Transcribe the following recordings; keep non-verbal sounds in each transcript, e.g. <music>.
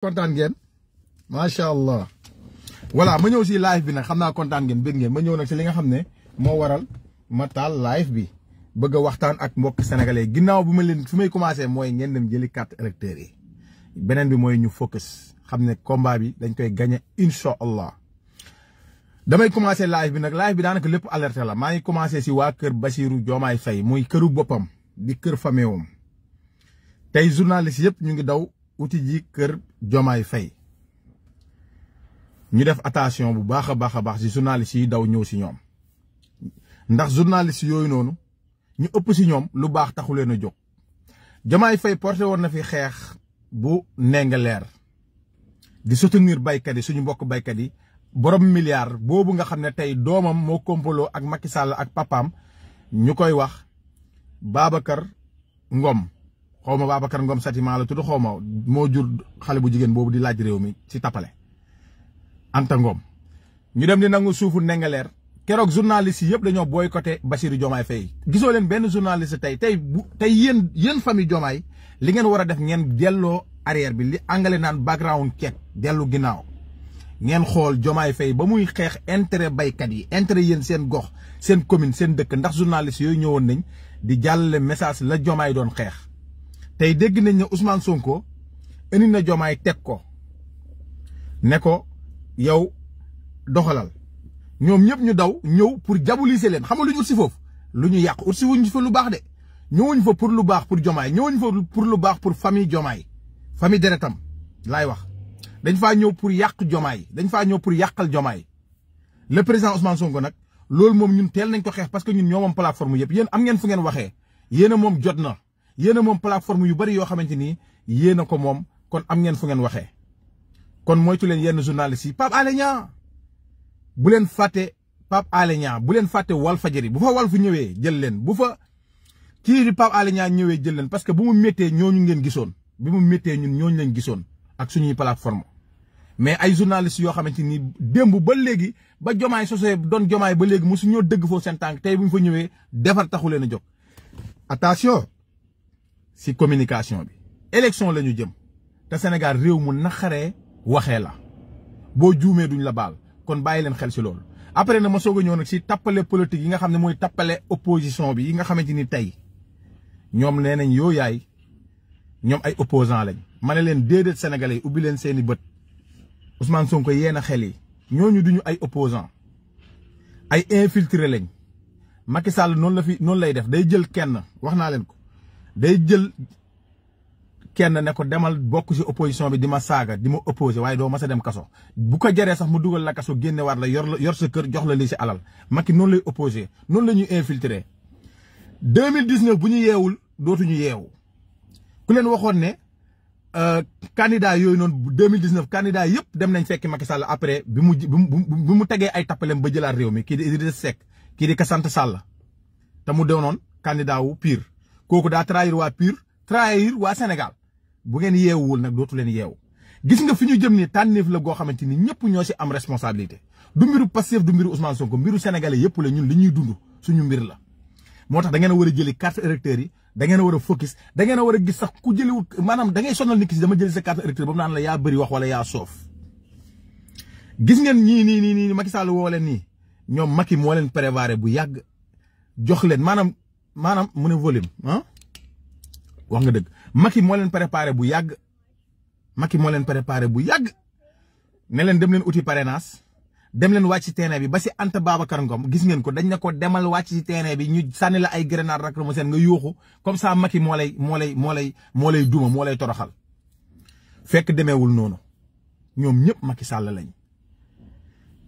kontaan ngeen sha allah wala ma ñew ci live bi nak xamna kontan kontaan ngeen bëgg ngeen ma ñew nak ci li nga xamne mo waral ma taal live bi bëgg waxtaan ak mbokk sénégalais ginnaw bu ma leen fu may commencé moy ngeen dem jëli carte électeur yi benen bi moy ñu focus xamne combat bi dañ koy gagner insha allah. damay commencé live bi nak live bi danaka lepp alerte la ma ngi commencé si wa kër Basirou jomay fay moy këru bopam di kër famewam tay journaliste yëpp ñu ngi daw uti ji keur jomay fay ñu def attention bu baax a baax ci journalist yi daw ñew ci ñom ndax journalist yoy nonu ñu upp ci ñom lu baax taxu leena jox jomay fay porté won na fi xex bu neng leer di soutenir baykat yi suñu mbokk baykat yi borom milliard bobu nga xamne tay domam mo kompolo ak Macky ak papam ñukoy wax babakar Ngom xaw ma Babacar ngoom Satima la tudd xaw ma moo jur xale bu jigéen boobu di laaj réew mi ci tappale Anta Ngom ñu dem di nangu suufu Ndingler keroog journaliste yi yëpp dañoo boycotté Bassirou Diomaye Faye gisoo leen benn journaliste tey tey bu tey yéen yéen famille Diomaye li ngeen war a def ngeen delloo arrière bi li angale naan background check dellu ginnaaw ngeen xool Diomaye Faye ba muy xeex intérêt baykat yi intérêt yéen seen gox seen commune seen dëkk ndax journaliste yooyu ñëwoon nañ di jàllale message la Diomaye doon xeex. Tay dégg Ousmane Sonko indi na Jomaay teg ko ne ko yow doxalal ñom ñep ñu daw ñew pour jabuliser len xam nga lu ñu ut puri lu lu de fa pour lu bax pour jomay fa pour lu pour famille jomay famille deretam lay wax dañ fa ñew pour yak jomay dañ pour le président Ousmane Sonko nak, lool mom ñun nañ parce que ñun plateforme yeen am ngeen fu yéen a moom plateforme yu bëri yoo xamante ni yéen a ko moom kon am ngeen fu ngeen waxee kon moytu leen yenn journalistes yi Pape Alé Niang bu leen fàtte Pape Alé bu leen fàtte Walfadjri bu fa Walf ñëwee jël leen bu fa kii di Pape Alé ñëwee jël leen parce que bu mu méttee ñooñu ngeen gisoon bi mu méttee ñun ñooñu leen gisoon ak suñuy plateforme mais ay journalistes yoo xamante ni démb ba léegi ba jomaay sosee doon jomaay ba léegi mosu ñoo dëgg foofu seen tànk tey bu ñu fa ñëwee defar taxu leen a jóg attention. si communication bi élection lañu jëm ta Sénégal réew mu naqaree waxee la bo juumee duñ la bal kon bàyyi leen xel ci lool après na ma soga a ñëw nag si tappale politique yi nga xamné moy tapalé opposition bi yi nga xamante ni tey ñoom nee nañ yaay ñom ay opposant lañ mané ne leen déedéet sénégalais ubi ubbi leen seen i Ousmane Sonko yéna xel yi ñooñu duñu ay opposant ay infiltré lañ Macky Sall noonu la fi non lay def day jël kenn waxna naa leen ko day jël kenn ne ko demal bokk si opposition bi di ma saaga di ma oppose waaye doo ma sa dem kaso bu ko jaree sax mu dugal la kaso génne war la yor la yor sa kër jox la lii si alal Macky noonu lay opposé noonu la ñuy infiltrer 2019 bu ñu yeewul dootuñu yeewu ku leen waxoon ne euh, candidat yooyu noonu bu 2019 candidat yëpp dem nañ fekki Macky Sall après bi mu bi mu tegee ay tappalem ba jëlaat réew mi kii di Idrissa Seck kii di sant Sall te mu doonoon candidat wu koku da trahir wa PUR trahir wa Senegal. bu ngeen yewul nak dotu len yew gis nga fiñu jëm ni tanef la go xamanteni ni ñoo si am responsabilité du mbiru passif du mbiru Ousmane Sonko mbiru sénégalais yëpp la ñun li ñuy dund suñu mbir la. motax da ngeen wara jëli carte électeur yi da ngeen wara focus da ngeen wara gis sax ku jëli ni da ngay sonal nit ci dama jëli sa carte électeur ba la ya bëri wax wala ya sof gis ngeen ñi ni ni ni Macky Sall Macky bu yag jox len manam maanaam mu ne volume ah wax nga dëgg Macky moo leen préparé bu yàgg Macky moo leen préparé bu yàgg ne leen dem leen uti parrainage dem leen wàcc ci bi ba si Anta baaba Ngom gis ngeen ko dañ ne ko demal wàcc ci terrain bi ñu sànni la ay grenade lacrymogène nga yuuxu comme ça Macky moo lay moo lay moo lay moo lay duma moo lay toroxal fekk demeewul noonu ñoom ñëpp Macky Sall lañ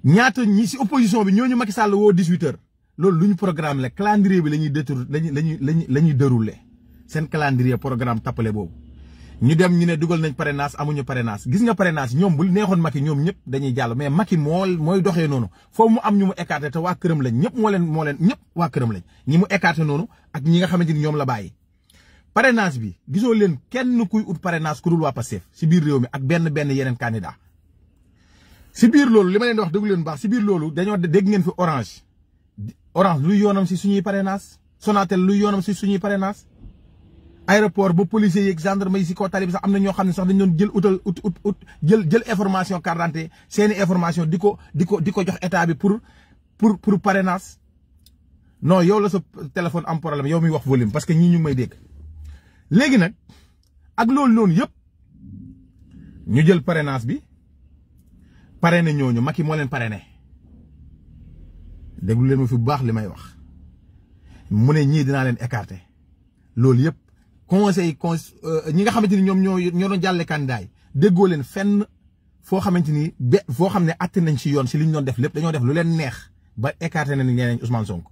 ñaata ñi si opposition bi ñooñu Macky Sall woo 18 heures loolu lu ñu programme la calendrier bi lañuy ñuy détour la ñuy la ñuy déroulé seen calendrier programme tappale boobu ñu dem ñu ne dugal nañ parrainage amuñu parrainage gis nga parrainage ñoom bu neexoon mag Macky ñoom ñëpp dañuy jàll mais Macky moo mooy doxee noonu foofu mu am ñu mu écarté te waa këram lañ ñëpp moo leen moo leen ñëpp waa këram lañ ñi mu écarté noonu ak ñi nga xamante ni ñoom la bàyyi. parrainage bi gisoo leen kenn kuy ut parrainage ku dul waa Pastef si biir réew mi ak benn benn yeneen candidat si biir loolu li ma leen di leen baax si biir loolu dañoo dégg ngeen fi orange. orange lu yonam ci suñuy parrainage sonatel lu yonam parenas. suñuy parrainage aéroport bu policiers yeeg gendarme yi si kaw tali sax amna ño xamni sax dañ doon jël outal ut ut ut jël jël information carte seni information diko diko diko jox état bi pour pour pour parrainage non yow la sa téléphone am problème yow mi wax volume parce que ñi ñu may dégg légui nak ak lool non yépp ñu jël parrainage bi parrainé ñoñu maki molen leen déglu leen ma fi bu baax li may wax mu ne ñii dinaa leen écarter loolu yëpp conseil con euh, ñi nga xamante ni ñoom ñoo ñoo doon jàlle kandidaay déggoo leen fenn foo xamante ni be foo xam ne àtte nañ si yoon si li doon def lépp dañoo def lu leen neex ba écarter nañ ñeneen Ousmane sonk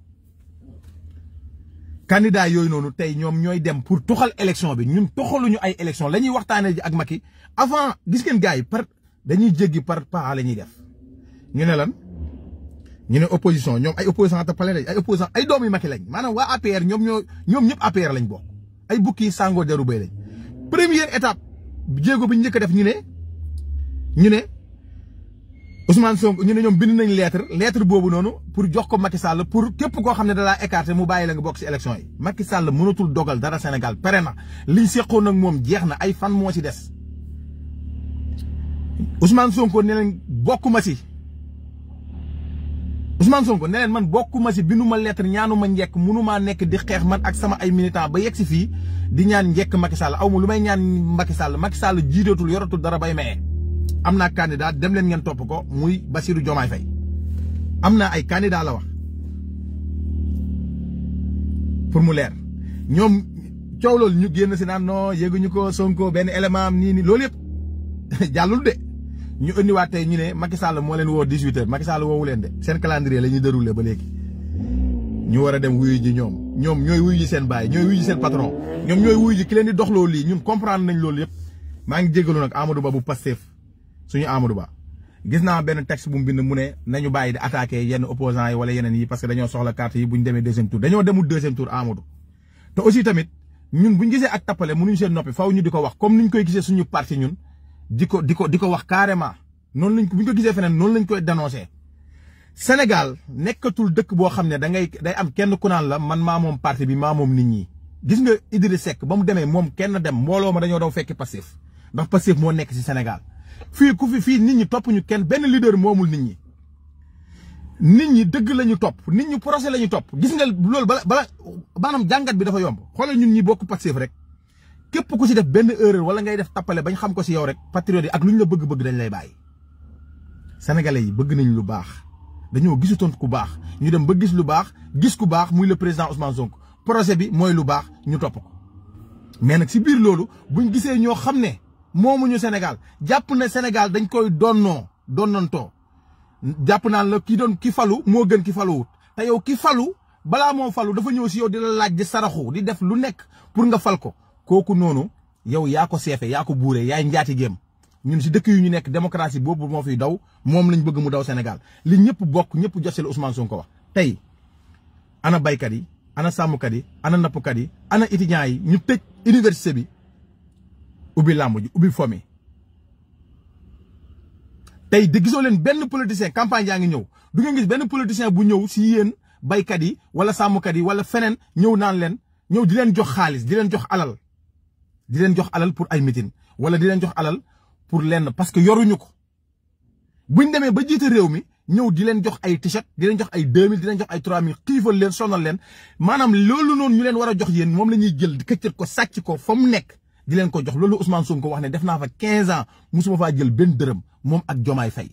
candidat yooyu noonu tey ñoom ñooy dem pour toxal élection bi ñun tuxaluñu ay élection la ñuy waxtaanee ji ak Macky avant gis ngeen yi par dañuy jéggi par pas la ñuy def ñu ne lan. ñu ne opposition ñom ay opposant ta palé ay opposition ay doomi maké lañ manam wa APR ñom ñoo ñom ñep APR lañ bok ay bukki sango deru bay lañ première étape djégo bi ñëk def ñu ne ñu ne Ousmane Sonko ñu ne ñoom bind nañ lettre lettre bobu nonu pour jox ko Macky Sall pour képp ko xamné da la écarter mu bayila nga bok ci élection yi Macky Sall mënatul dogal dara Sénégal pare na liñ seqoon ak moom ay fan mo ci dess Ousmane Sonko ne lañ bokuma ci Ousmane Sonko ne leen man bokuma ci binuma lettre ñaanuma ñek munuma nek di xex man ak sama ay militant ba yegg si fii di ñaan ñek Macky Sall awmu ma lu may ñaan Macky Sall Macky Sall jidotul yoratul dara bay maye. amna candidat dem len ngeen top ko muy Bassirou Diomaye Faye amna ay candidat la wax pour mu leer ñoom ñu genn ci nan non yeguñu ko Sonko ben élément ni ni <laughs> ñu indiwaat tey ñu ne Macky Sall moo leen woo 18h Macky Sall woowu leen de seen calendrier la ñuy ba léegi ñu war a dem wuyu ji ñoom ñoom ñooy wuyu ji seen baay ñooy wuyu ji seen patron ñoom ñooy wuyu ki leen di doxloo lii ñun comprendre nañ loolu yëpp maa ngi jégalu nag Amadou Ba bu Pastef suñu Amadou Ba gis naa benn texte bu mu bind mu ne nañu bàyyi di attaqué yenn opposants yi wala yeneen yi parce que dañoo soxla carte yi bu ñu demee deuxième di ko wax ñu koy gisee suñu parti ñun di ko di ko di ko wax carrément noonu lañ ko bu ñu ko gisee feneen noonu lañ koy dénoncé Sénégal nekkatul dëkk boo xam ne da ngay day am kenn ku naan la man maa moom parti bi maa moom nit ñi. gis nga Idrissa Seck ba mu demee moom kenn dem mbooloo ma dañoo daw fekki Pastef ndax Pastef moo nekk si Sénégal fii ku fi fii nit ñi topp ñu kenn benn leader moomul nit ñi. nit ñi dëgg la ñu topp nit ñi procès la ñu topp gis nga loolu bala bala maanaam jàngat bi dafa yomb xoolal ñun ñi bokk Pastef rek. képp ku si def benn erreur wala ngay def tappale bañ xam ko si yow rek patriote yi ak lu ñu la bëgg-bëgg dañ lay bàyyi. sénégalais yi bëgg nañ lu baax dañoo gisutoon ku baax ñu dem ba gis lu baax gis ku baax muy la président Ousmane Sonko projet bi mooy lu baax ñu topp ko. mais nag si biir loolu buñ gisee ñoo xam ne moomuñu Sénégal jàpp na Sénégal dañ koy donnoo donnantoo jàpp naa la ki doon ki falu moo gën ki faluwut te yow ki falu balaa moo falu dafa ñëw si yow di la laaj di saraxu di def lu nekk pour nga fal ko. kooku noonu yow yaa ko seefe yaa ko buure yaay njaati gém ñun si dëkk yu ñu nekk démocratie boobu moo fiy daw moom lañu bëgg mu daw senegal li ñëpp bokk ñëpp jot si la Ousmane Sonko wax. tey ana baykat yi ana sàmmkat yi ana nappkat yi ana étudiants yi ñu tëj université bi ubbi làmb ji ubbi fomi tey di gisoo leen benn politicien campagne yaa ngi ñëw du ngeen gis benn politicien bu ñëw si yéen baykat yi wala sàmmkat yi wala feneen ñëw naan leen ñëw di leen jox xaalis di jox alal. di leen jox alal pour ay mitin wala di leen jox alal pour lenn parce que yoruñu ko bu ñu demee ba jiite réew mi ñëw di leen jox ay t-shirt di leen jox ay 2000 di leen jox ay 3000 xiifal leen sonal leen maanaam loolu noonu ñu leen war a jox yéen moom la ñuy jël këccët ko sàcc ko fa mu nekk di leen ko jox loolu Ousmane ko wax ne def naa fa 15 ans musuma faa jël benn dërëm moom ak Jomaay Fay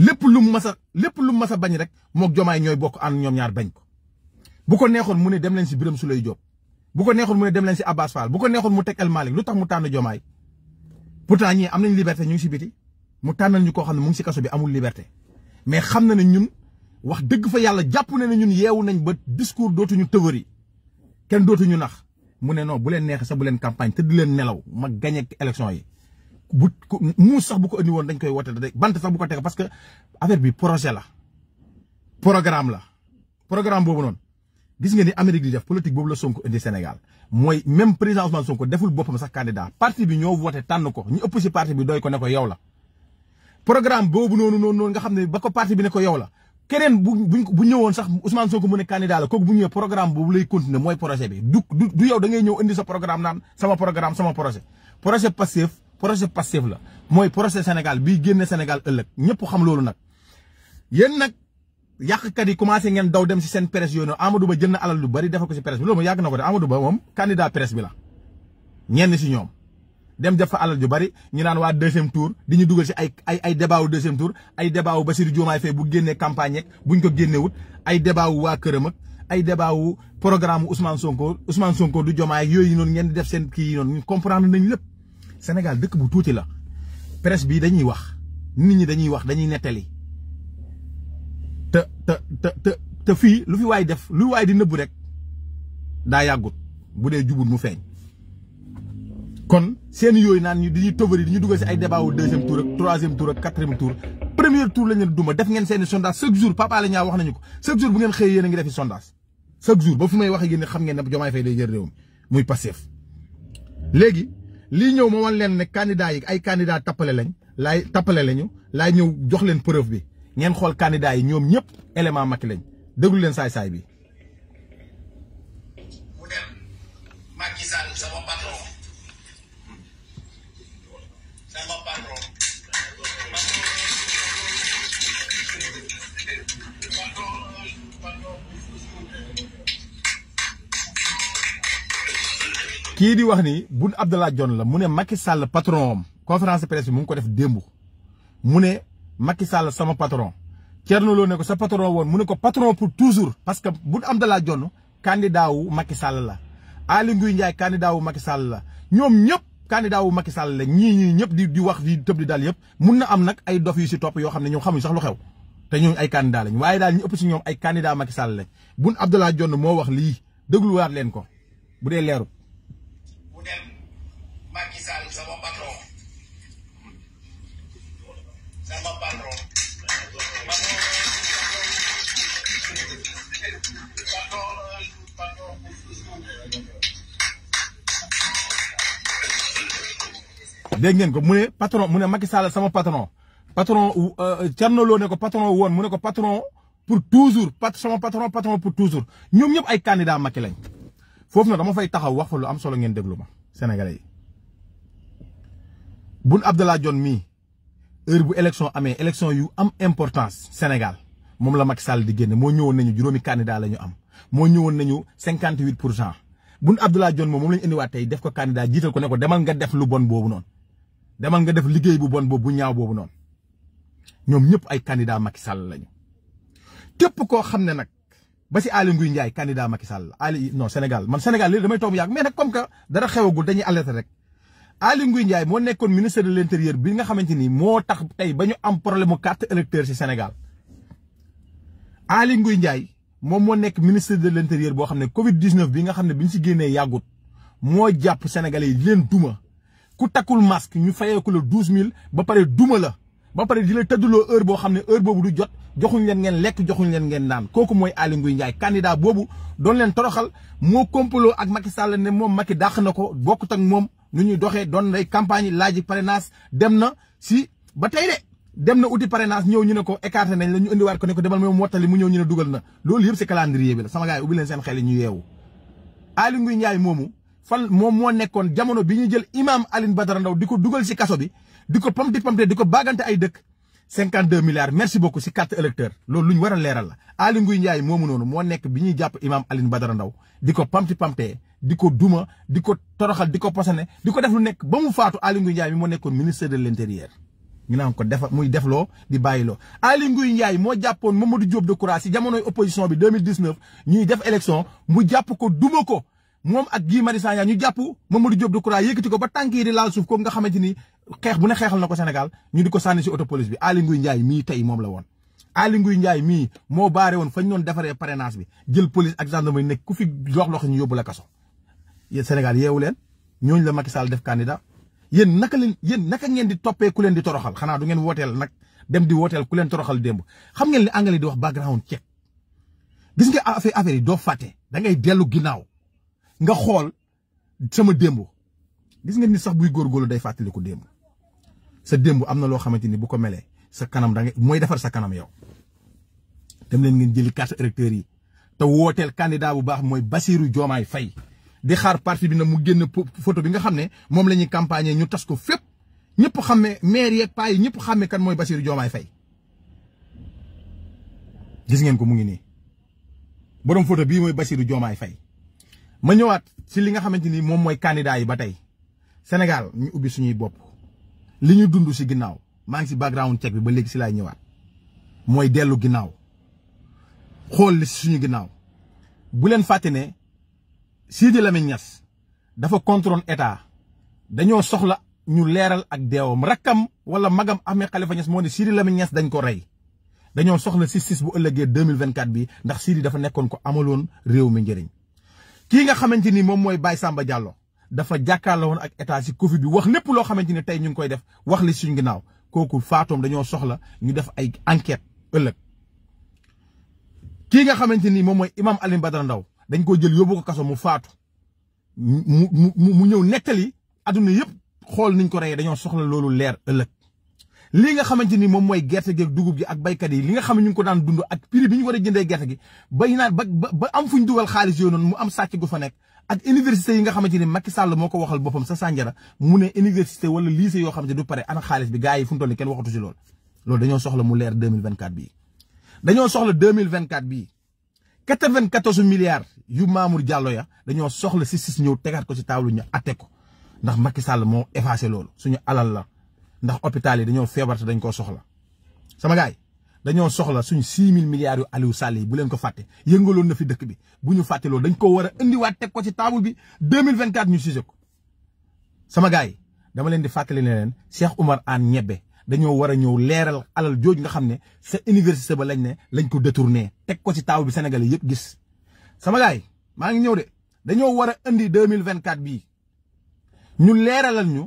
lépp lu mu mas a lépp lu mu a bañ rek moo Jomaay ñooy bokk ànd ñoom ñaar bañ ko bu ko neexoon mu ne dem leen si Birame Souleye Diop bu ko neexul mu dem len ci Abbas Fall bu ko neexul mu tek El malik, lu mu tan jomay pourtant ñi am nañ liberté ñu ci biti mu tanal ñu ko xamne mu ngi ci kasso bi amul liberté mais xamna ne ñun wax deug fa yalla japp na ne ñun yewu nañ ba discours dootuñu ken dotu ñu nax mu ne non bu len neex sa bu len campagne te di len nelaw ma gagné élection yi. bu mu sax bu ko andi won dañ koy wote bant sax bu ko teg parce que affaire bi projet la programme la programme bobu non gis nga ni Amérique di def politique boobu la Sonko indi Sénégal mooy même président Ousmane Sonko deful boppam sax candidat parti bi ñoo voté tànn ko ñu ëpp si parti bi doy ko ne ko yow la. programme boobu noonu noonu nga xam ne ba ko parti bi ne ko yow la keneen bu bu ñëwoon sax Ousmane Sonko mu ne candidat la kooku bu ñëwee programme boobu lay continuer mooy projet bi du du yow da ngay ñëw indi sa programme naan sama programme sama projet. projet Pastef projet Pastef la mooy projet Sénégal bii génne Sénégal ëllëg ñëpp xam loolu nag yéen kat yi commencé ngeen daw dem ci sen presse yono Amadou Ba jël alal lu bari defal ko ci presse bi loolu moom yàgg na de Amadou Ba mom candidat presse bi la ñen ci ñom dem def alal ju bari ñu nan wa deuxième tour di ñu duggal ci ay ay ay débat wu deuxième tour ay débat wu Bassirou Diomaye Faye bu génné campagne yeeg buñ ko wut ay débat wu waa ak ay débat wu programme Ousmane Sonko Ousmane Sonko du Diomaye yooyu noonu ngeen ñen def sen ki yi noonu comprendre nañ lepp Sénégal dëkk bu touti la presse bi dañuy wax nit ñi dañuy wax dañuy netali te te te te fii lu fi waay def lu waay di nëbbu rek daa yàggut bu dee jubut mu feeñ. kon seen yooyu naan ñu dañuy tëbëri dañuy dugal si ay débat wu deuxième tour ak troisième tour ak quatrième tour premier tour la ñu duma def ngeen seeni sondage chaque jour Pape Alé Niang wax nañu ko chaque jour bu ngeen xëyee yéen a ngi defi sondage chaque jour ba fu may wax ak yéen xam ngeen ne Diomaye Faye day jël réew muy Pastef léegi lii ñëw ma wan leen ne candidat yi ay candidat tappale lañ laay tappale lañu laay ñëw jox leen preuve bi ngeen xool candidat yi ñoom ñëpp élément Macky lañ déglu saay-saay bi. kii di wax ni Boun Abdallah Dionne la mu ne Macky sàll patron am conférence de bi mu ngi ko def démb mu ne. Macky Sall sama patron Thierno Lo ne ko sa patron woon mu ne ko patron pour toujours parce que bu Abdallah Dionne candidat wu Macky Sall la Aly Ngouille Ndiaye candidat wu Macky Sall la ñoom ñëpp candidat wu Macky Sall la ñii ñii ñëpp di di wax di tëb di daal yëpp mun na am nag ay dof yu si topp yoo xam ne ñoom xamuñ sax lu xew te ñooñu ay candidat lañ waaye daal ñu ëpp si ñoom ay candidat Macky Sall lañ bun Abdallah Dionne moo wax lii dégluwaat leen ko bu dee leeru. dégg ngeen ko mu ne patron mu ne Macky Sall sama patron patron euh, euh, Thierno Lo ne ko patron woon mu ne ko patron pour toujours pat sama patron patron pour toujours ñoom ñëpp ay candidat Macky lañ foofu na dama fay taxaw wax fa lu am solo ngeen déglu ma Sénégalais yi Boun Abdallah Dionne mii heure bu élection amee élection yu am importance Sénégal moom la Macky Sall di génne moo ñëwoon nañu juróomi candidat la ñu am moo ñëwoon nañu cinquante huit pour cent Boun Abdallah Dionne moom moom la def ko candidat jiital ko ne ko demal nga def bon boobu noonu. demal nga def liggéey bu bon boobu bu ñaaw boobu noonu ñoom ñëpp ay candidat Macky Sall lañu képp koo xam ne nag ba si Aly Ngouille Ndiaye candidat Macky Sall Aly non Sénégal man Sénégal léegi damay toog mu yàgg mais nag comme que dara xewagul dañuy alerté rek Aly Ngouille Ndiaye moo nekkoon ministre de l'intérieur bi nga xamante ni tax tey ba am problème mu carte électeur si Sénégal Aly Ngouille Ndiaye moom moo nekk ministre de l'intérieur boo xam ne Covid 19 bi nga xam ne bi ñu si génnee yàggut moo jàpp Sénégalais yi leen duma. ku takkul masque ñu fayeeku la douze mille ba pare duma la ba pare di la tëddaloo heure boo xam ne heure boobu du jot joxuñ leen ngeen lekk joxuñ leen ngeen naan kooku mooy Aly Ngouille Ndiaye candidat boobu doon leen toroxal moo kompaloo ak Macky Sall ne moom Macky dàq na ko bokkut ak moom nu ñuy doxee doon lay campagne laaji parrainage dem na si ba tey de dem na uti parrainage ñëw ñu ne ko écarté nañ la ñu indiwaat ko ne ko demal moom mottali mu ñëw ñu ne dugal na loolu yëpp si calendrier bi la sama gars yi ubbi leen seen xel moomu fan moom moo nekkoon jamono bi ñuy jël imam Alioune Badara Ndao di ko dugal si kaso bi di ko pamti pamte di ko baagante ay dëkk. 52 milliards merci beaucoup si carte électeur loolu lu ñu war a leeral la Aly Ngouille Ndiaye moomu noonu moo nekk bi ñuy jàpp imam Alioune Badara Ndao ko pamti pamtee di ko duma di ko toroxal di ko posane di ko def lu nekk ba mu faatu Aly Ngouille Ndiaye moo nekkoon ministre de l' intérieur. ñu naan ko defa muy defloo di bàyyiloo Aly Ngouille Ndiaye moo jàppoon moom Mamadou Diop Decroix si jamonoy opposition bi 2019 ñuy def élection mu jàpp ko duma ko. mom ak gi Marius Sagna ñu jàpp Mamadou Diop Decroix yekati ko ba tanki di laal suuf ko nga xamanteni xex bu ne xexal nako senegal ñu diko sanni ci si auto police bi ali nguy ndjay mi tay mom la won ali nguy ndjay mi mo bare won fañ non defare parrainage bi jël police ak gendarmerie nek ku fi jox loxo ñu yóbbu la kaso. ye Sénégal yeewu leen ñooñu la Macky Sall def candidat yen naka len yen naka ngeen di topé ku len di toroxal xana du ngeen wotel nak dem di wotel ku len toroxal demb xam ngeen li anglais di wax background check gis nga affaire affaire yi doo fàtte da ngay delu ginaaw nga xol sama dembu gis nga ni sax buy góorgóorlu day ko dembu sa dembu amna lo xamanteni bu ko melé sa kanam da nga moy defar sa kanam yow. dem len ngeen jël carte électeur yi te wotel candidat bu baax moy basirou jomay fay di xaar parti bi na mu genn photo bi nga xamné mom lañuy campagne ñu tass ko fep ñepp xamé maire yeeg paa yi ñëpp kan moy basirou jomay fay gis ngeen ko mu ngi ni borom photo bi moy basirou jomay fay ma ñëwaat ci li nga xamante ni moom mooy candidat yi ba tey Sénégal ñu ubbi suñuy bopp li ñu dund ci ginnaaw maa ngi ci background check bi ba léegi ci laay ñëwaat mooy dellu ginnaaw xool li ci suñu ginnaaw bu leen fàtte ne Sidi Lamine Niass dafa contrôle état dañoo soxla ñu leeral ak deewam rakkam wala magam Ahmed Khalifa Niass moo ne Sidi Lamine danyon dañ ko rey dañoo soxla 66 bu ëllëgee 2024 bi ndax Sidi dafa nekkoon ko amaloon réew mi njëriñ. kii nga xamante ni moom mooy baay Samba jàlloo dafa jàkkaarloo woon ak état si Covid bi wax lépp loo xamante ni tey ñu ngi koy def wax li suñ ginnaaw kooku faatoom dañoo soxla ñu def ay enquête ëllëg. kii nga xamante ni moom mooy imam Alioune Badara Ndao dañ ko jël yóbbu ko kaso mu faatu mu mu mu ñëw nettali adduna yëpp xool niñ ko reyee dañoo soxla loolu leer ëllëg. li nga xamante ni moom mooy gerte gi ak dugub ak baykat yi li nga xam ñu ngi ko daan dund ak prix bi ñu war a jëndee gerte gi bay naan ba ba am fu ñu dugal xaalis yooyu noonu mu am sàcc gu fa nekk ak université yi nga xamante ni Macky Sall moo ko waxal boppam sa Sandiara mu ne université wala lycée yoo xamante du pare ana xaalis bi gars yi fu mu toll nii kenn waxatu ci loolu loolu dañoo soxla mu leer 2024 bii dañoo soxla 2024 bii 94 milliards yu Mamour ya dañoo soxla si sis ñëw ko si table ñu atte ko ndax Macky Sall moo effacé loolu suñu alal la ndax hôpital yi dañoo feebar dañ koo soxla sama gaay dañoo soxla suñ six mille milliards yu Aliou Sall yi bu leen ko fàtte yëngaloon na fi dëkk bi bu ñu fàtte loolu dañ ko war a indiwaat teg ko ci table bi deux mille vingt quatre ñu ko sama gars yi dama leen di fàttali ne leen Cheikh Oumar Anne Ñebbe dañoo war a ñëw leeral alal jooju nga xam ne sa ba lañ ne lañ ko détourné teg ko ci table bi Sénégal yëpp gis. sama gars maa ngi ñëw de dañoo war a indi deux mille vingt quatre bii ñu leeralal ñu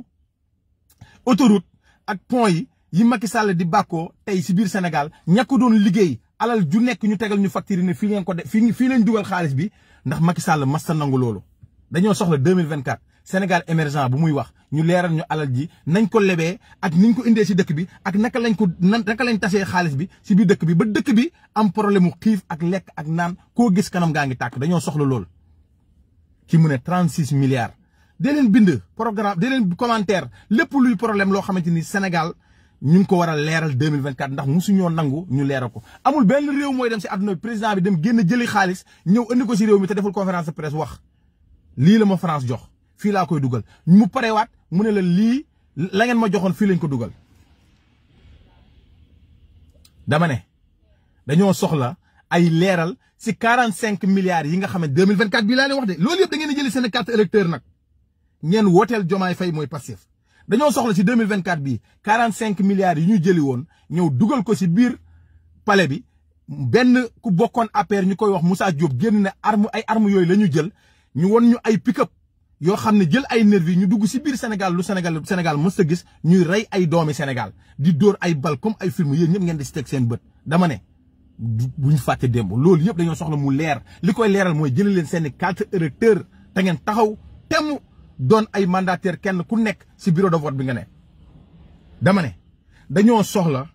autoroute. ak point yi yi Macky Sall di bako tay ci biir Sénégal ñaku doon liggéey alal ju nekk ñu tégal ñu facture ne fi ngeen ko fi fi lañ duggal xaaliss bi ndax Macky Sall mas sa nangu loolu. dañoo soxla 2024 Sénégal émergent bu muy wax ñu léral ñu alal ji nañ ko lébé ak niñ ko indé ci dëkk bi ak naka lañ ko naka lañ tassé xaaliss bi ci biir dëkk bi ba dëkk bi am problème mu ak lek ak naan ko gis kanam gaangi tak tàkk dañoo soxla lolu ki mu né 36 milliards dee bind programme dee leen commentaire lepp luy problème lo xamanteni Sénégal ñu ko wara léral 2024 ndax musuñoo nangu ñu leeral ko amul benn réew moy dem ci aduna président bi dem génn jëli xaaliss ñew andi ko ci réew mi té deful conférence de presse wax li la ma France jox fi la koy duggal mu paré wat mu né la li la ngeen ma joxone fi lañ ko duggal dama né dañoo soxla ay léral ci 45 milliards yi nga xam 2024 bi la leen wax dé loolu yëpp da ngeen jëli seen carte électeur nag ngeen wooteel Jomaay Fay mooy Pastef dañoo soxla ci 2024 bii 45 milliards yi ñu jëli woon ñëw dugal ko ci biir pale bi benn ku bokkoon APR ñu koy wax Moussa jóob génn ne arme ay arme yooyu la ñu jël ñu won ñu ay pick yoo xam ne jël ay nervi ñu dugg ci biir Sénégal lu Sénégal Sénégal mës a gis ñuy rey ay doomi Sénégal di dóor ay bal comme ay film yéen ñëpp ngeen di si teg seen bët dama ne bu ñu fàtte démb loolu yëpp dañoo soxla mu leer li koy leeral mooy jël leen seen i carte électeur te ngeen taxaw temm don ay mandataire kenn ku nek ci bureau de vote bi nga ne dama ne dañoo soxla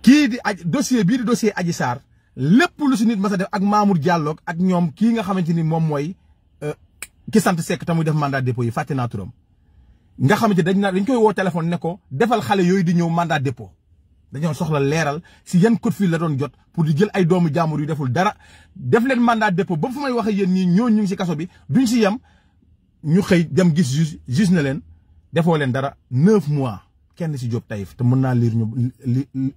ki di dossier bi di dossier Adji sar lepp lu ci nit mas def ak Mamour Diallo ak ñom euh, ki nga xamanteni mom moy ki sante sek tamuy def mandat dépôt yi fàtte naa turam nga xamanteni dañ na dañ koy wo téléphone ne ko defal xalé yoy di ñew mandat dépôt dañu soxla leral si yeen coup fil la doon jot pour di jël ay doomu jàmbur yu deful dara def len mandat dépôt ba fumay waxe yeen ni ñoo ñu ci si bi duñ si yam ñu xëy dem gis juge na leen defoo leen dara neuf mois kenn si Diop Taïf te mën naa liir ñu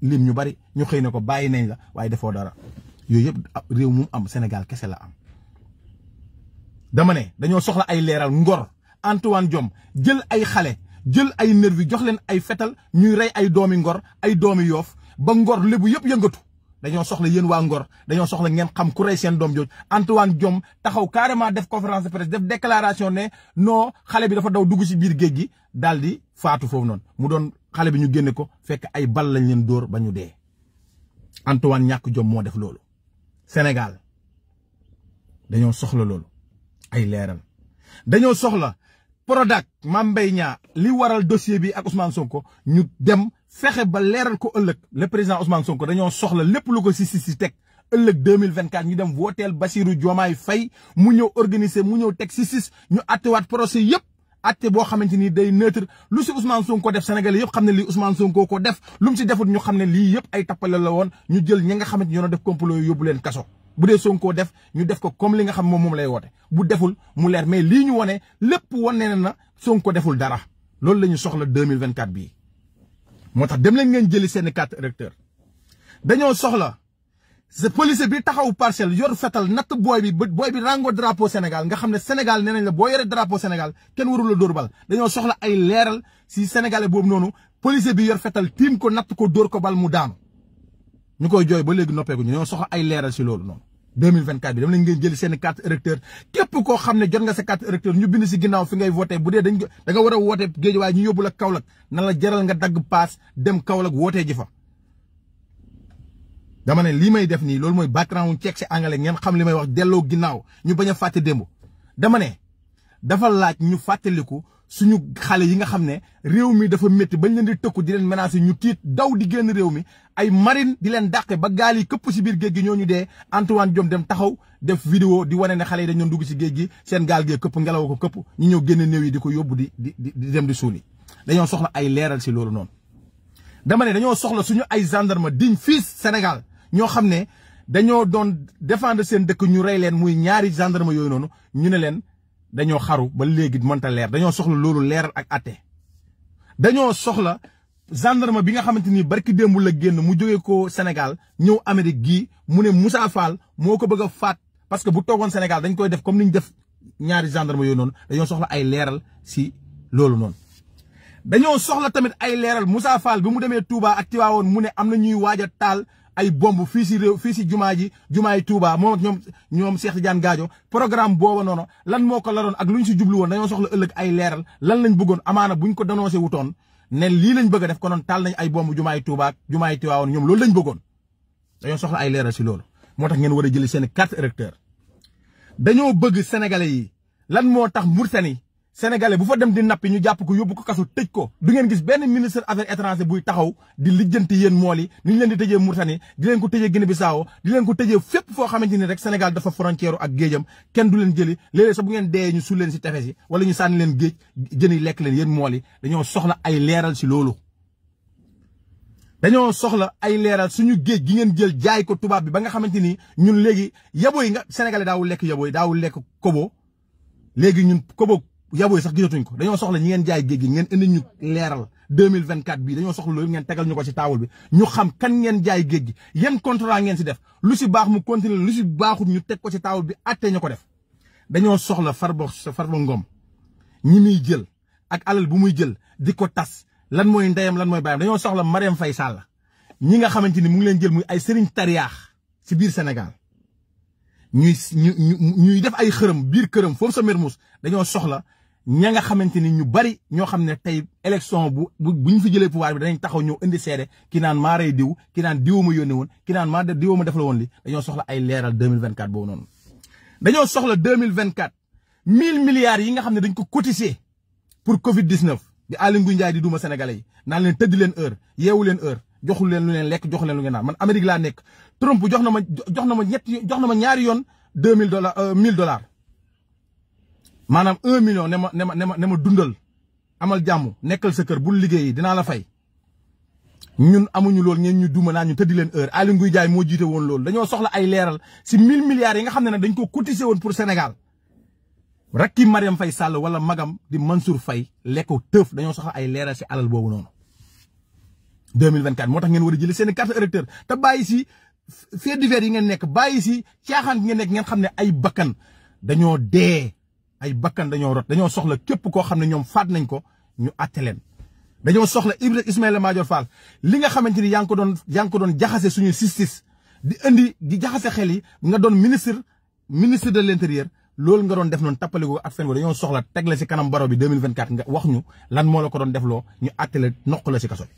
lim ñu bari ñu xëy na ko bàyyi nañ la waaye defoo dara yooyu yëpp réew mu am Sénégal kese la am. dama ne dañoo soxla ay leeral ngor Antoine Diome jël ay xale jël ay nervi jox leen ay fetal ñuy rey ay doomi ngor ay doomi yoof ba ngor lébu yëpp yëngatu. dañoo soxla yéen waa Ngor dañoo soxla ngeen xam ku rey seen doom jooj Antoine Diome taxaw carrément def conférence de presse def déclaration ne noo xale bi dafa daw dugg si biir géej gi daal di faatu foofu noonu mu doon xale bi ñu génne ko fekk ay bal lañ leen dóor ba ñu dee Antoine ñàkk Diome moo def loolu. Sénégal dañoo soxla loolu ay leeral dañoo soxla Prodac Mame Mbaye ñaa li waral dossier bi ak Ousmane Sonko ñu dem. fexe ba leeral ko ëllëg le président Ousmane Sonko dañoo soxla lépp lu ko si si si teg ëllëg 2024 ñu dem wooteel Bassirou Diomaye Faye mu ñëw organiser mu ñëw teg si sis ñu attewaat procès yëpp atte boo xamante ni day neutre lu si Ousmane Sonko def Sénégalais yëpp xam ne lii Ousmane Sonko ko def lu mu si defut ñu xam ne lii yëpp ay tappale la woon ñu jël ñi nga xamante ñoo def complot yóbbu leen kaso bu dee Sonko def ñu def ko comme li nga xam moom moom lay woote bu deful mu leer mais lii ñu wone lépp na Sonko deful dara loolu la ñu soxla 2024 bii moo tax dem leen ngeen jëli seeni carte électeur dañoo soxla se police bi taxaw parcelle yor fetal natt booy bi ba booy bi rango drapeau Sénégal nga xam ne Sénégal nee nañ la boo yore drapeau Sénégal kenn warula la dóor bal dañoo soxla ay leeral si sénégalais boobu noonu police bi yor fetal tiim ko natt ko dóor ko bal mu daanu ñu koy jooy ba léegi noppeeku ñu dañoo soxla ay leeral si loolu noonu. 2024 bi dama leen ngeen jël seen carte électeur képp koo xam ne jot nga sa carte électeur ñu bind si ginnaaw fi ngay voté bu dee dañ da nga a woote Géejawaay la jaral nga dagg paas dem Kaolack wootee ji fa. dama lii may def nii loolu mooy background check si anglais ngeen xam li may wax delloo ginnaaw ñu bañ a fàtte démb dama ne dafa laaj ñu fàttaliku. suñu xale yi nga xam ne réew mi dafa métti bañ leen di tëkku di leen menacer ñu tiit daw di génn réew mi ay marine di leen dàq ba gaal yi këpp si biir géej gi ñoo ñu dee Antoine Diome dem taxaw def vidéo di wane ne xale yi dañu dugg si géej gi seen gaal gee këpp ngelaw ko këpp ñu ñëw génn néew yi di ko yóbbu di di di dem di suuli dañoo soxla ay leeral si loolu noonu. dama ne dañoo soxla suñu ay gendarme diñ fii Sénégal ñoo xam ne dañoo doon défendre seen dëkk ñu rey leen muy ñaari gendarme yooyu noonu ñu ne leen. dañoo xaru ba léegi mënta leer dañoo soxla loolu leeral ak atte dañoo soxla gendarme bi nga xamante ni barki démb la génn mu jógee ko Sénégal ñëw Amérique gii mu ne Moussa faal moo ko bëgg a faat parce que bu toogoon Sénégal dañ koy def comme ni ñu def ñaari gendarme yooyu noonu dañoo soxla ay leeral si loolu noonu. dañoo soxla tamit ay leeral Moussa Fall bi mu demee Touba ak Tiwaawoon mu ne am na ñuy waaj a taal. ay bomb fii si fii si jumaa ji jumaa yi Touba moom ak ñoom ñoom Cheikh Tidiane gaajo programme booba noonu lan moo ko laroon ak lu ñu si jubluwoon woon dañoo soxla ëllëg ay leeral lan lañ bëggoon amaana bu buñ ko dénoncé wutoon ne lii lañ bëgg a def ko noonu taal nañ ay bomb jumaa yi Touba ak jumaa yi Tiwaawoon ñoom loolu lañ bëggoon dañoo soxla ay leeral si loolu moo tax ngeen war a jëli seen carte électeur dañoo bëgg sénégalais yi lan moo tax Mauritanie sénégalais bu fa dem di nappi ñu jàpp ko yóbbu ko kaso tëj ko du ngeen gis benn ministre affaires étrangères buy taxaw di lijjanti yéen mool yi ni ñu leen di tëjee Mauritanie di leen ko tëjee Guinée Bissau di leen ko tëjee fépp foo xamante ni rek Sénégal dafa frontière ak géejam kenn du leen jëli léeg-léeg sax bu ngeen deeyee ñu sul si tefes yi wala ñu sànni leen géej jën yi lekk leen yéen mool dañoo soxla ay leeral si loolu dañoo soxla ay leeral suñu géej gi ngeen jël jaay ko tubaab bi ba nga xamante ni ñun léegi yabo yi nga sénégalais daawul lekk yabo yi daawul lekk kobo léegi yaboy sax gisatuñ ko dañoo soxla ñi ngeen jaay géej gi ngeen indi ñu léral 2024 bi dañoo soxla loolu ngeen tegal ñuko ci table bi ñu xam kan ngeen jaay géej gi yan contrat ngeen si def lu ci bax mu continuer lu ci baxut ñu teg ko ci table bi atté ñuko def dañoo soxla farbo farbo ngom ñi mi jël ak alal bu muy jël diko ko tas lan moy ndeyam lan moy bayam dañoo soxla mariam Faye Sall ñi nga xamanteni ni mu ngi leen jël muy ay serigne tariakh ci biir Sénégal ñuy ñuy def ay xërem biir kërëm fofu sa mermous dañoo soxla ña nga xamante ni ñu bari ñoo xam ne tey élection bu bu ñu fi jëlee pouvoir bi danañ taxaw ñëw indi seede ki naan maa rey diw ki naan diw ma yónnee woon ki naan maa diw ma def la woon li dañoo soxla ay leeral 2024 boobu noonu. dañoo soxla 2024 1000 milliards yi nga xam ne dañ ko cotiser pour Covid 19 bi Aly Ngouille Ndiaye di duma sénégalais yi naan leen tëdd leen heure yeewu leen heure joxu leen lu leen lekk joxu leen lu ngeen nekk Trump jox na ma jox na ma ñetti jox na ma ñaari yoon 2000 euh, dollars 1000 dollars. manam 1 million nema nema nema nema dundal amal jamu nekkal sa keur bu liggey dina la fay ñun amuñu lool ñeñ ñu duma nañu te di leen heure ali nguy jaay mo jité won lool dañoo soxla ay léral si 1000 milliards yi nga xamné dañ ko cotiser won pour Sénégal rakki Mariam fay Sall wala magam di Mansour fay lekko teuf dañoo soxla ay léral si alal bobu non 2024 motax ngeen wara jël seen carte électeur ta bayyi ci fête d'hiver yi ngeen nek bayyi ci tiaxan ngeen nek ngeen xamné ay bakkan dañoo dé ay bakkan dañoo rot dañoo soxla képp koo xam ne ñoom faat nañ ko ñu àtte leen dañoo soxla Ibrahima Ismaïla Madior Fall li nga xamante ni yaa ngi ko doon yaa doon jaxase suñu justice di indi di jaxase xel yi nga doon ministre ministre de l'intérieur loolu nga doon def noon tappale ak fen ko dañoo soxla teg la si kanam baro bi 2024 nga wax ñu lan moo la ko doon defloo ñu àtte la noq la si kaso bi.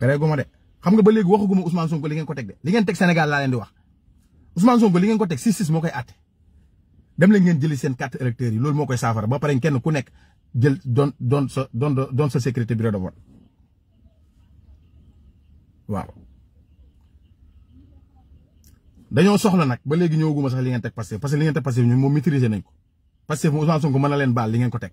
pareegu ma de xam nga ba léegi waxuguma Ousmane Sonko li ngeen ko teg de li ngeen laa leen di wax. Ousmane Sonko li ngeen ko tek justice moo koy àtte dem la ngeen jëli seen carte électeur yi loolu moo koy saafara ba pare kenn ku nek jël don don sa don don sa sécurité bureau de vote waaw. dañoo soxla nak ba léegi ñëwaguma sax li ngeen tek passé parce que li ngeen tek passé ñu mo maîtriser nañ ko Pastef mu Ousmane Sonko mëna leen baal li ngeen ko tek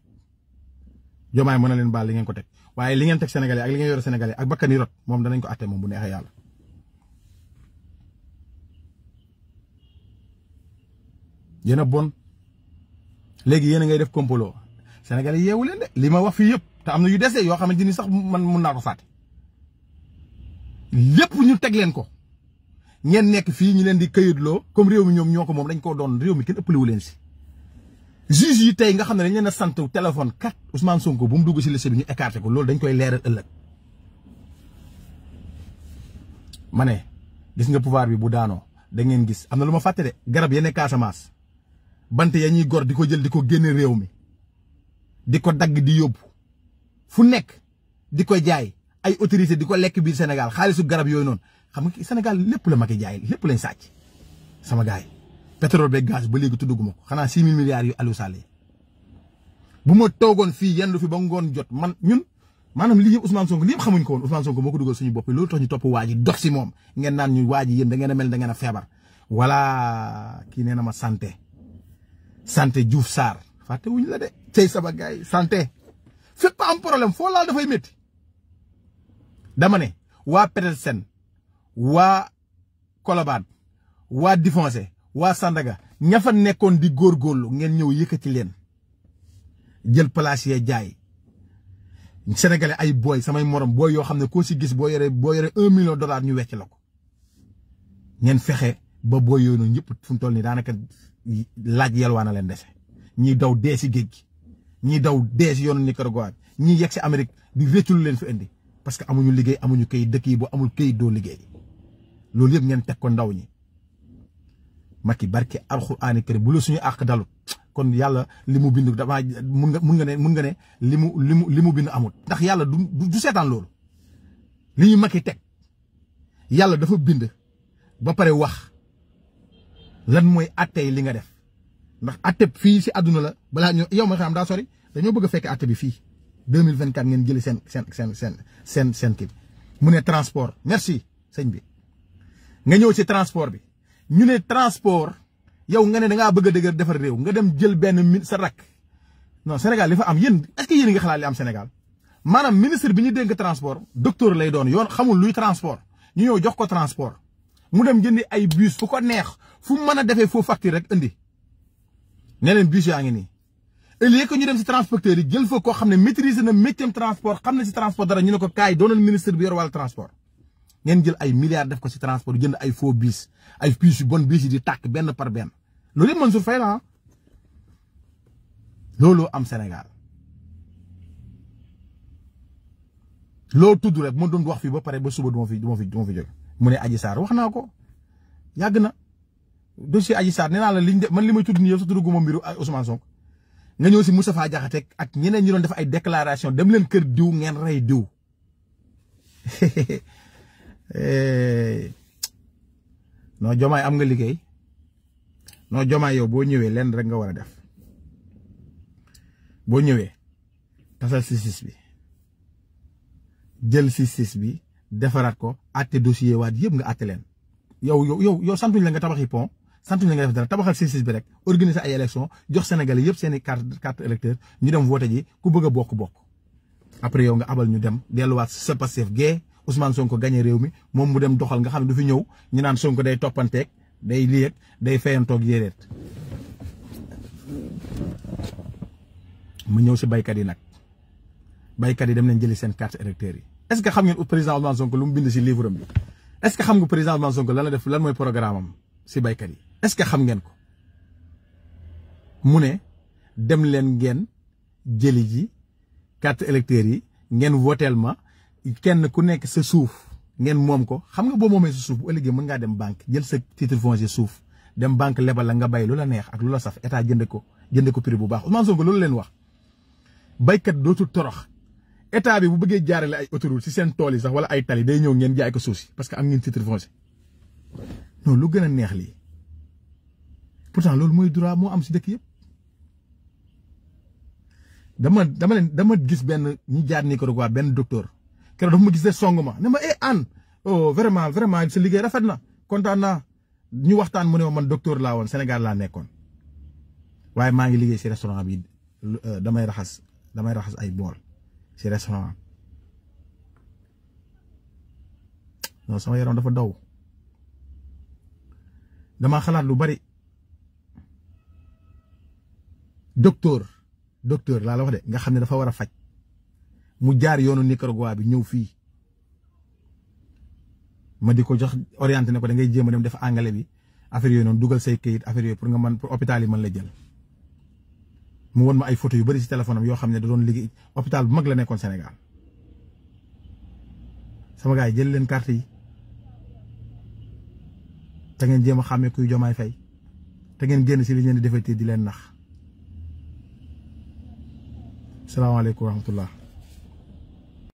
jomay mëna leen baal li ngeen ko tek waye li ngeen tek Sénégalais ak li ngeen yoro Sénégalais ak bakkani rot mom dañ nañ ko atté mom bu neexee yàlla. yéen a bon léegi yéen a ngay def complot Sénégalais yeewu leen de li ma wax fii yëpp te am na yu dese yoo xamante ni sax man mun naa ko fàtte lépp ñu teg leen ko ngeen nekk fii ñu leen di këyitloo comme réew mi ñoom ñoo ko moom dañ koo doon réew mi kenn ëppalewu leen si. juge yi tey nga xam ne dañ leen a sant téléphone kat Ousmane Sonko bu mu dugg si liste bi ñu écarté ko loolu dañ koy leeral ëllëg. ma ne gis nga pouvoir bi bu daanoo da ngeen gis am na lu ma fàtte de garab yenn Casamance. bant ya ñuy gor di ko jël di ko génne réew mi di ko dagg di yóbbu fu nekk di ko jaay ay autorité di ko lekk biir Sénégal xaalisu garab yooyu noonu xam nga Sénégal lépp la ma koy jaay lépp lañ sàcc sama gars yi pétrole beeg gaz ba léegi tudduguma ko xanaa six mille milliards yu Aliou Sall bu ma toogoon fii yendu fi ba ngoon jot man ñun maanaam lii yëpp Ousmane Sonko lii yëpp ko woon Ousmane Sonko moo ko dugal suñu bopp loolu tax ñu topp waa ji dox si moom ngeen naan waa ji da ngeen a mel da ngeen a kii nee na ma santé santé djouf sar, faté wuñ la dé tey sama gars santé fep am problème foo laal fay metti dama ne waa Petersen wa wa défoncé wa Sandaga ña fa nekkoon di gorlu ngén ñew yëkëti lén jël place yee jaay sénégalais ay boy, samay morom boy yo xamné ko ci gis boy yore boy yore 1 million dollar ñu wecc lako ko fexé ba boy yo ñëpp fuñ toll laaj yelwaan a leen dese ñiy daw dee si géej gi ñiy daw dee si yoonu Nicaragua bi ñiy yegg si Amérique di réccul leen fi indi parce que amuñu liggéey amuñu këyit dëkk yi boo amul këyit doo liggéey loolu yëpp ngeen teg ko ndaw ñi. ki barke alxuraani kër bu la suñu àq dalut kon yàlla li mu bind dama mun nga mun nga ne mun nga ne li mu li mu li mu bind amut ndax yàlla du du seetaan loolu li ñu Macky teg yàlla dafa bind ba pare wax. lan mooy attey li nga def ndax atté fi ci aduna la bala ñu yow ma xam da sori dañu bëgg fekk atté bi fi 2024 ngeen jël sen sen sen sen sen sen kii mu né transport merci señ bi nga ñëw ci transport bi ñu né transport yow nga né da nga bëgg dëgër défar réew nga dem jël ben sa rak non Sénégal li fa am yeen est-ce que nga xalaali am Sénégal manam ministre bi ñu dénk transport docteur lay doon yoon xamul luy transport ñu ñëw jox ko transport mu dem jëndi ay bus fu ko neex fu mu mën a defee faux facture rek indi ne leen bus yaa ngi ni au lieu ñu dem si transporteur yi jël foo koo xam ne maîtriser na métier transport xam ne si transport dara ñu ne ko kaay doonal ministre bi yor wàllu transport. ngeen jël ay milliards def ko si transport jënd ay foo biis ay bus yu bon bus yi di tàkk benn par benn loolu yëpp Mansour Faye la ah. looloo am senegal loo tutu rek ma doon wax fii ba pare ba suba du ma fi du ma fi du ma mu ne Adji Sarr wax naa ko yàgg na. dossier Adji Sarr nee naa la liñ de man li may tudd nii yow sa tuddaguma mbiru Ousmane Sonko nga ñëw si Moustapha Diakhaté ak ñeneen ñu doon def ay déclaration dem leen kër diw ngeen rey diw <laughs> eh. non am nga liggéey non jomaay yow boo ñëwee lenn rek nga war a def boo ñëwee tasal justice bi jël justice bi defaraat ko àtte dossier waat yëpp nga àtte leen yow yow yow yow santuñ la nga tabaxi pon santu ñu nga def dara tabaxal ci bi rek organiser ay élection jox sénégalais yépp seen carte carte électeur ñu dem voter ji ku bëgg a bokk bokk après yow nga abal ñu dem wat ce passif gué Ousmane Sonko gagné réew mi mom mu dem doxal nga xamni du fi ñëw ñu naan Sonko day toppanteeg day li ak day fayanto ak yéeréet mu ñëw ci baykat yi nak baykat yi dem nañ jëli seen carte électeur yi est ce que xam ngeen président Ousmane Sonko lu mu bind ci livre am bi est ce que xam nga président Ousmane Sonko lan la def lan moy programme am si baykat yi est-ce que xam ngeen ko mu ne dem leen ngeen jëli ji carte électeur yi ngeen woteel ma kenn ku nekk sa suuf ngeen moom ko xam nga boo moomee sa suuf bu ëllëgee mën ngaa dem banque jël sa titre foncier suuf dem banque lebal la nga bay lu la neex ak lu la saf état jënd ko jënd ko prix bu baax Ousmane ko loolu leen wax baykat dootul torox état bi bu bëggee jaarale ay autoroute ci seen tool yi sax wala ay tali day ñëw ngeen jaay ko suuf si parce que am ngeen lu gën a neex lii. pourtant loolu moy droit mo am ci dëkk yépp dama dama leen dama gis ben ñi jaar ni ko rek ben docteur kéro dama gis ne song ma ma eh an oh vraiment vraiment ci liggéey rafet na kontaan naa ñu waxtaan mu ne man docteur la won Sénégal la nékkon waye ma ngi liggéey ci restaurant bi euh, damay raxas damay raxas ay bol ci restaurant non sama yaram dafa daw dama xalaat lu bari docteur docteur laa la wax de nga xam ne dafa war a faj mu jaar yoonu Nicaragua bi ñëw fii ma di ko jox orienté ne ko da ngay jéem a dem def anglais bi affaire yooyu noonu dugal say kayit affaire yooyu pour nga mën pour hôpital yi mën la jël. mu won ma ay photo yu bari si téléphone yoo xam ne da doon liggéey hôpital bu mag la nekkoon Sénégal sama gars yi jël leen carte yi te ngeen jéem a xàmmee kuy jomaay fay te ngeen génn si li ngeen di defetee di leen nax. السلام عليكم ورحمه الله